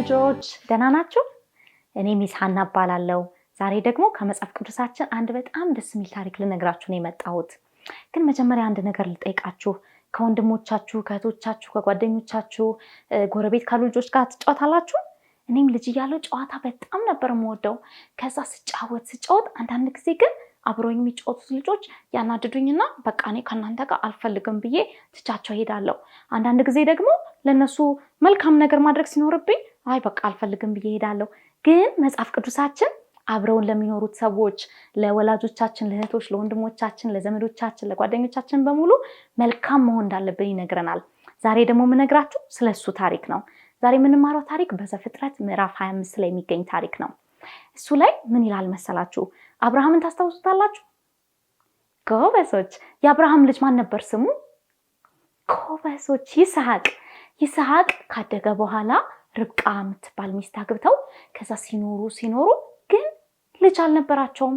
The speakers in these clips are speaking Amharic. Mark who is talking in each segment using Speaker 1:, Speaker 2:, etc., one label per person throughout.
Speaker 1: ልጆች ደህና ናችሁ? እኔ ሚሳና ሀና እባላለሁ። ዛሬ ደግሞ ከመጽሐፍ ቅዱሳችን አንድ በጣም ደስ የሚል ታሪክ ልነግራችሁ ነው የመጣሁት። ግን መጀመሪያ አንድ ነገር ልጠይቃችሁ። ከወንድሞቻችሁ፣ ከእህቶቻችሁ፣ ከጓደኞቻችሁ፣ ጎረቤት ካሉ ልጆች ጋር ትጫወታላችሁ? እኔም ልጅ እያለሁ ጨዋታ በጣም ነበር የምወደው። ከዛ ስጫወት ስጫወት አንዳንድ ጊዜ ግን አብረው የሚጫወቱት ልጆች ያናድዱኝና በቃ እኔ ከእናንተ ጋር አልፈልግም ብዬ ትቻቸው ሄዳለሁ። አንዳንድ ጊዜ ደግሞ ለእነሱ መልካም ነገር ማድረግ ሲኖርብኝ አይ በቃ አልፈልግም ብዬ ሄዳለሁ። ግን መጽሐፍ ቅዱሳችን አብረውን ለሚኖሩት ሰዎች ለወላጆቻችን፣ ለእህቶች፣ ለወንድሞቻችን፣ ለዘመዶቻችን፣ ለጓደኞቻችን በሙሉ መልካም መሆን እንዳለብን ይነግረናል። ዛሬ ደግሞ የምነግራችሁ ስለ እሱ ታሪክ ነው። ዛሬ የምንማረው ታሪክ በዘፍጥረት ምዕራፍ 25 ላይ የሚገኝ ታሪክ ነው። እሱ ላይ ምን ይላል መሰላችሁ? አብርሃምን ታስታውሱታላችሁ? ጎበሶች። የአብርሃም ልጅ ማን ነበር ስሙ? ጎበሶች፣ ይስሐቅ። ይስሐቅ ካደገ በኋላ ርብቃ የምትባል ሚስት አግብተው ከዛ ሲኖሩ ሲኖሩ ግን ልጅ አልነበራቸውም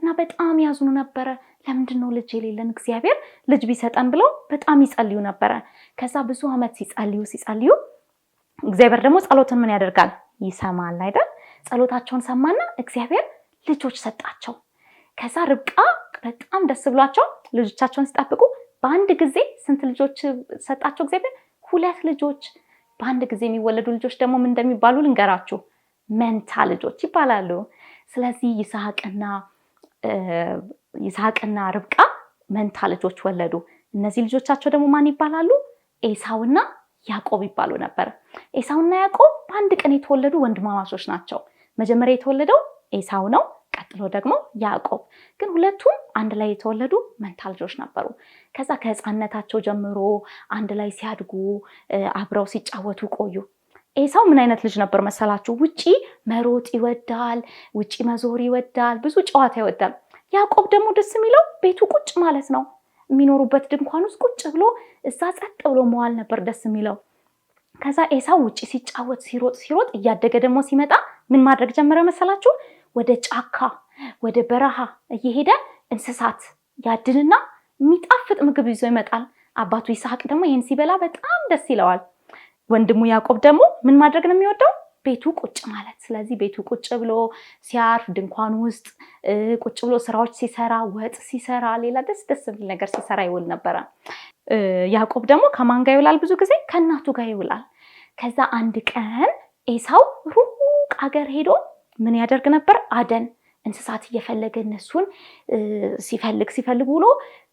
Speaker 1: እና በጣም ያዝኑ ነበረ። ለምንድን ነው ልጅ የሌለን? እግዚአብሔር ልጅ ቢሰጠን ብለው በጣም ይጸልዩ ነበረ። ከዛ ብዙ ዓመት ሲጸልዩ ሲጸልዩ እግዚአብሔር ደግሞ ጸሎትን ምን ያደርጋል? ይሰማል አይደል? ጸሎታቸውን ሰማና እግዚአብሔር ልጆች ሰጣቸው። ከዛ ርብቃ በጣም ደስ ብሏቸው ልጆቻቸውን ሲጠብቁ በአንድ ጊዜ ስንት ልጆች ሰጣቸው እግዚአብሔር? ሁለት ልጆች በአንድ ጊዜ የሚወለዱ ልጆች ደግሞ ምን እንደሚባሉ ልንገራችሁ፣ መንታ ልጆች ይባላሉ። ስለዚህ ይስሐቅና ርብቃ መንታ ልጆች ወለዱ። እነዚህ ልጆቻቸው ደግሞ ማን ይባላሉ? ኤሳውና ያዕቆብ ይባሉ ነበር። ኤሳውና ያዕቆብ በአንድ ቀን የተወለዱ ወንድማማቾች ናቸው። መጀመሪያ የተወለደው ኤሳው ነው። ቀጥሎ ደግሞ ያዕቆብ ግን ሁለቱም አንድ ላይ የተወለዱ መንታ ልጆች ነበሩ። ከዛ ከህፃነታቸው ጀምሮ አንድ ላይ ሲያድጉ አብረው ሲጫወቱ ቆዩ። ኤሳው ምን አይነት ልጅ ነበር መሰላችሁ? ውጪ መሮጥ ይወዳል፣ ውጪ መዞር ይወዳል፣ ብዙ ጨዋታ ይወዳል። ያዕቆብ ደግሞ ደስ የሚለው ቤቱ ቁጭ ማለት ነው። የሚኖሩበት ድንኳን ውስጥ ቁጭ ብሎ እዛ ጸጥ ብሎ መዋል ነበር ደስ የሚለው። ከዛ ኤሳው ውጪ ሲጫወት ሲሮጥ ሲሮጥ እያደገ ደግሞ ሲመጣ ምን ማድረግ ጀመረ መሰላችሁ? ወደ ጫካ ወደ በረሃ እየሄደ እንስሳት ያድንና የሚጣፍጥ ምግብ ይዞ ይመጣል። አባቱ ይስሐቅ ደግሞ ይህን ሲበላ በጣም ደስ ይለዋል። ወንድሙ ያዕቆብ ደግሞ ምን ማድረግ ነው የሚወደው? ቤቱ ቁጭ ማለት። ስለዚህ ቤቱ ቁጭ ብሎ ሲያርፍ ድንኳን ውስጥ ቁጭ ብሎ ስራዎች ሲሰራ፣ ወጥ ሲሰራ፣ ሌላ ደስ ደስ የሚል ነገር ሲሰራ ይውል ነበረ። ያዕቆብ ደግሞ ከማን ጋር ይውላል? ብዙ ጊዜ ከእናቱ ጋር ይውላል። ከዛ አንድ ቀን ኤሳው ሩቅ አገር ሄዶ ምን ያደርግ ነበር? አደን እንስሳት እየፈለገ እነሱን ሲፈልግ ሲፈልግ ውሎ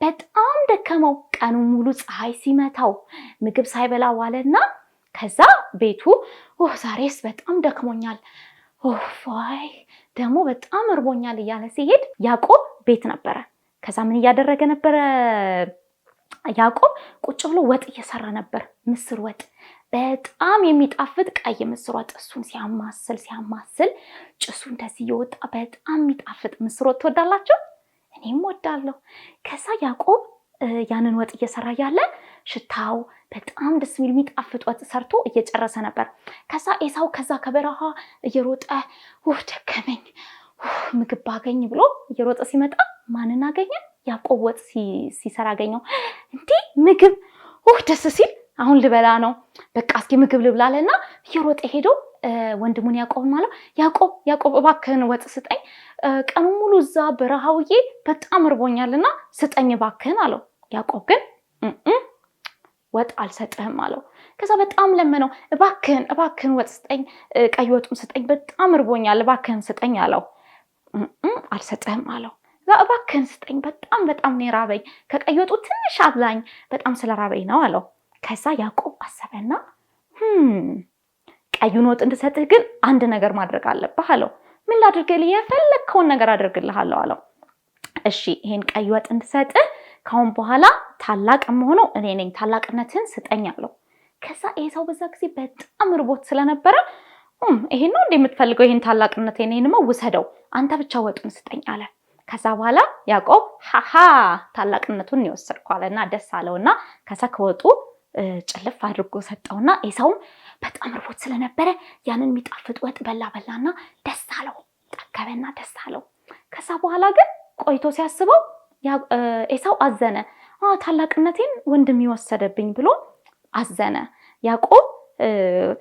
Speaker 1: በጣም ደከመው። ቀኑ ሙሉ ፀሐይ ሲመታው ምግብ ሳይበላ ዋለና ከዛ ቤቱ ዛሬስ በጣም ደክሞኛል፣ ይ ደግሞ በጣም እርቦኛል እያለ ሲሄድ ያዕቆብ ቤት ነበረ። ከዛ ምን እያደረገ ነበረ? ያዕቆብ ቁጭ ብሎ ወጥ እየሰራ ነበር፣ ምስር ወጥ። በጣም የሚጣፍጥ ቀይ ምስር ወጥ እሱን ሲያማስል ሲያማስል ጭሱ እንደዚህ እየወጣ በጣም የሚጣፍጥ ምስር ወጥ ትወዳላችሁ? እኔም ወዳለሁ። ከዛ ያዕቆብ ያንን ወጥ እየሰራ ያለ ሽታው በጣም ደስ የሚል የሚጣፍጥ ወጥ ሰርቶ እየጨረሰ ነበር። ከዛ ኤሳው ከዛ ከበረሃ እየሮጠ ውህ ደከመኝ፣ ምግብ ባገኝ ብሎ እየሮጠ ሲመጣ ማንን አገኘ? ያዕቆብ ወጥ ሲሰራ አገኘው። እንዲህ ምግብ ውህ ደስ ሲል አሁን ልበላ ነው በቃ እስኪ ምግብ ልብላ አለና እየሮጠ ሄዶ ወንድሙን ያዕቆብ ማለት ያዕቆብ ያዕቆብ እባክህን ወጥ ስጠኝ፣ ቀኑ ሙሉ እዛ በረሃውዬ በጣም እርቦኛልና ስጠኝ እባክህን አለው። ያዕቆብ ግን ወጥ አልሰጥህም አለው። ከዛ በጣም ለመነው፣ እባክህን እባክህን ወጥ ስጠኝ፣ ቀይ ወጡን ስጠኝ፣ በጣም እርቦኛል፣ እባክህን ስጠኝ አለው። አልሰጥህም አለው። እዛ እባክህን ስጠኝ፣ በጣም በጣም ነው የራበኝ፣ ከቀይ ወጡ ትንሽ አብዛኝ፣ በጣም ስለራበኝ ነው አለው። ከዛ ያዕቆብ አሰበና ቀዩን ወጥ እንድሰጥህ ግን አንድ ነገር ማድረግ አለብህ አለው። ምን ላድርግልህ? የፈለግከውን ነገር አድርግልሃለሁ አለው። እሺ ይሄን ቀይ ወጥ እንድሰጥህ ካሁን በኋላ ታላቅ የምሆነው እኔ ነኝ፣ ታላቅነትህን ስጠኝ አለው። ከዛ ይሄ ሰው በዛ ጊዜ በጣም ርቦት ስለነበረ ይሄን ነው እንደ የምትፈልገው ይሄን ታላቅነት ይሄንንማ ውሰደው፣ አንተ ብቻ ወጡን ስጠኝ አለ። ከዛ በኋላ ያዕቆብ ሀሀ ታላቅነቱን ይወሰድኳል እና ደስ አለው እና ከዛ ከወጡ ጭልፍ አድርጎ ሰጠውና ኤሳውም በጣም ርቦት ስለነበረ ያንን የሚጣፍጥ ወጥ በላ በላና ደስ አለው። ጠገበና ደስ አለው። ከዛ በኋላ ግን ቆይቶ ሲያስበው ኤሳው አዘነ። ታላቅነቴን ወንድም ወሰደብኝ ብሎ አዘነ። ያዕቆብ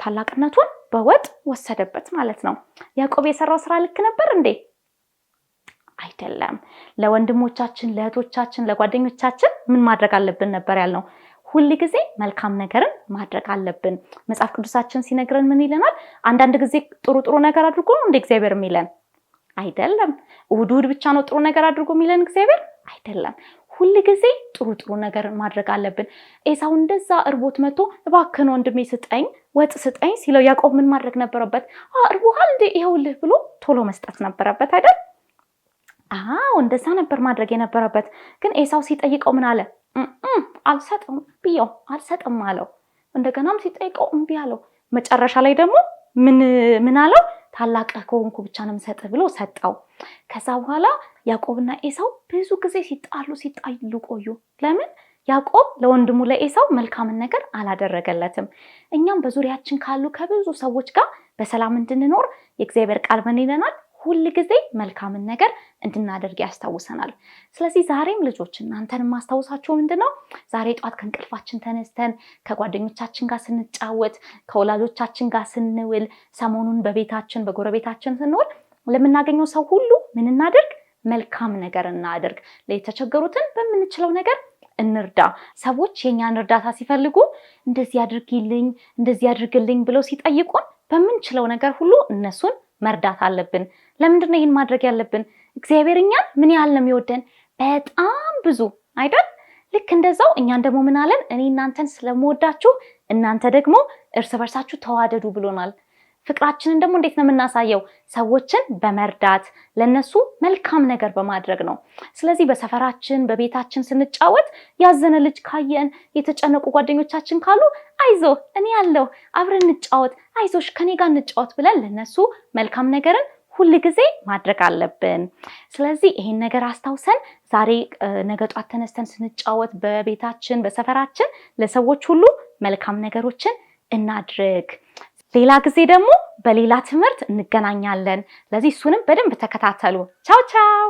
Speaker 1: ታላቅነቱን በወጥ ወሰደበት ማለት ነው። ያዕቆብ የሰራው ስራ ልክ ነበር እንዴ? አይደለም። ለወንድሞቻችን፣ ለእህቶቻችን፣ ለጓደኞቻችን ምን ማድረግ አለብን ነበር ያልነው? ሁል ጊዜ መልካም ነገርን ማድረግ አለብን። መጽሐፍ ቅዱሳችን ሲነግረን ምን ይለናል? አንዳንድ ጊዜ ጥሩ ጥሩ ነገር አድርጎ ነው እንደ እግዚአብሔር የሚለን አይደለም። እሁድ እሑድ ብቻ ነው ጥሩ ነገር አድርጎ የሚለን እግዚአብሔር አይደለም። ሁል ጊዜ ጥሩ ጥሩ ነገር ማድረግ አለብን። ኤሳው እንደዛ እርቦት መቶ እባክህን ወንድሜ ስጠኝ፣ ወጥ ስጠኝ ሲለው ያዕቆብ ምን ማድረግ ነበረበት? እርቦሃል እንዴ ይኸውልህ ብሎ ቶሎ መስጠት ነበረበት አይደል? አዎ እንደዛ ነበር ማድረግ የነበረበት። ግን ኤሳው ሲጠይቀው ምን አለ? አልሰጥም ብየው አልሰጥም አለው። እንደገናም ሲጠይቀው እምቢ አለው። መጨረሻ ላይ ደግሞ ምን አለው? ታላቅህ ከሆንኩ ብቻ ነው የምሰጥህ ብሎ ሰጠው። ከዛ በኋላ ያዕቆብና ኤሳው ብዙ ጊዜ ሲጣሉ ሲጣሉ ቆዩ። ለምን? ያዕቆብ ለወንድሙ ለኤሳው መልካምን ነገር አላደረገለትም። እኛም በዙሪያችን ካሉ ከብዙ ሰዎች ጋር በሰላም እንድንኖር የእግዚአብሔር ቃል ምን ይለናል? ሁል ጊዜ መልካምን ነገር እንድናደርግ ያስታውሰናል። ስለዚህ ዛሬም ልጆች እናንተን የማስታውሳችሁ ምንድን ነው ዛሬ ጧት ከእንቅልፋችን ተነስተን ከጓደኞቻችን ጋር ስንጫወት፣ ከወላጆቻችን ጋር ስንውል፣ ሰሞኑን በቤታችን በጎረቤታችን ስንውል ለምናገኘው ሰው ሁሉ ምን እናደርግ? መልካም ነገር እናደርግ። የተቸገሩትን በምንችለው ነገር እንርዳ። ሰዎች የእኛን እርዳታ ሲፈልጉ እንደዚህ አድርጊልኝ፣ እንደዚህ አድርግልኝ ብለው ሲጠይቁን በምንችለው ነገር ሁሉ እነሱን መርዳት አለብን። ለምንድን ነው ይህን ማድረግ ያለብን? እግዚአብሔር እኛን ምን ያህል ነው የሚወደን? በጣም ብዙ አይደል? ልክ እንደዛው እኛን ደግሞ ምን አለን? እኔ እናንተን ስለምወዳችሁ እናንተ ደግሞ እርስ በርሳችሁ ተዋደዱ ብሎናል። ፍቅራችንን ደግሞ እንዴት ነው የምናሳየው? ሰዎችን በመርዳት ለነሱ መልካም ነገር በማድረግ ነው። ስለዚህ በሰፈራችን በቤታችን ስንጫወት ያዘነ ልጅ ካየን የተጨነቁ ጓደኞቻችን ካሉ አይዞ እኔ ያለው አብረን እንጫወት፣ አይዞሽ ከኔ ጋር እንጫወት ብለን ለነሱ መልካም ነገርን ሁል ጊዜ ማድረግ አለብን። ስለዚህ ይሄን ነገር አስታውሰን ዛሬ ነገ ጧት ተነስተን ስንጫወት በቤታችን በሰፈራችን ለሰዎች ሁሉ መልካም ነገሮችን እናድርግ። ሌላ ጊዜ ደግሞ በሌላ ትምህርት እንገናኛለን። ለዚህ እሱንም በደንብ ተከታተሉ። ቻው ቻው